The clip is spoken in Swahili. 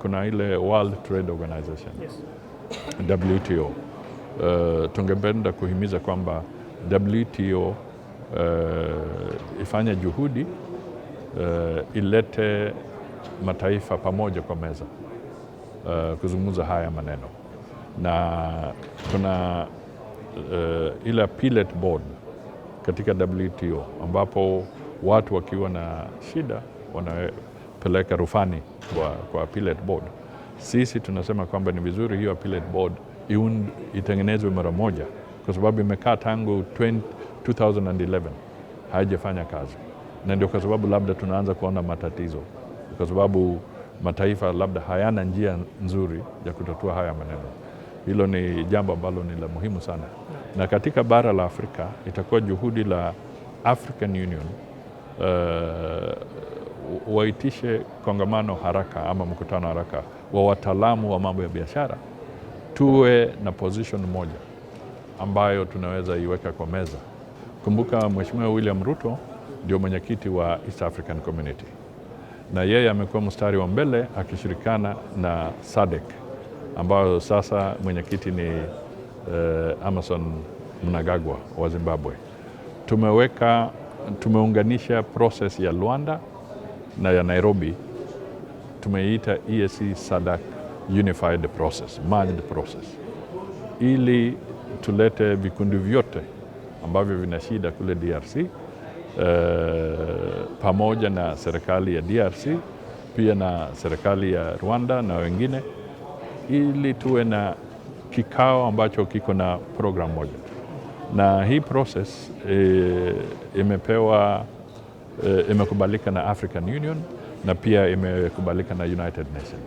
kuna ile World Trade Organization yes. WTO. Uh, eh, tungependa kuhimiza kwamba WTO uh, eh, ifanye juhudi uh, ilete mataifa pamoja kwa meza uh, kuzungumza haya maneno na kuna uh, ile pilot board katika WTO ambapo watu wakiwa na shida wanapeleka rufani kwa, kwa appellate board. Sisi tunasema kwamba ni vizuri hiyo appellate board itengenezwe mara moja, kwa sababu imekaa tangu 20, 2011 haijafanya kazi, na ndio kwa sababu labda tunaanza kuona matatizo, kwa sababu mataifa labda hayana njia nzuri ya kutatua haya maneno. Hilo ni jambo ambalo ni la muhimu sana, na katika bara la Afrika itakuwa juhudi la African Union uh, waitishe kongamano haraka ama mkutano haraka wa wataalamu wa mambo ya biashara, tuwe na position moja ambayo tunaweza iweka kwa meza. Kumbuka Mheshimiwa William Ruto ndio mwenyekiti wa East African Community na yeye amekuwa mstari wa mbele akishirikana na SADC ambayo sasa mwenyekiti ni eh, Amason Mnangagwa wa Zimbabwe. Tumeweka tumeunganisha process ya Luanda na ya Nairobi tumeiita ESC SADC Unified Process, merged process, ili tulete vikundi vyote ambavyo vina shida kule DRC eh, pamoja na serikali ya DRC pia na serikali ya Rwanda na wengine, ili tuwe na kikao ambacho kiko na program moja, na hii process eh, imepewa Eh, imekubalika na African Union na pia imekubalika na United Nations.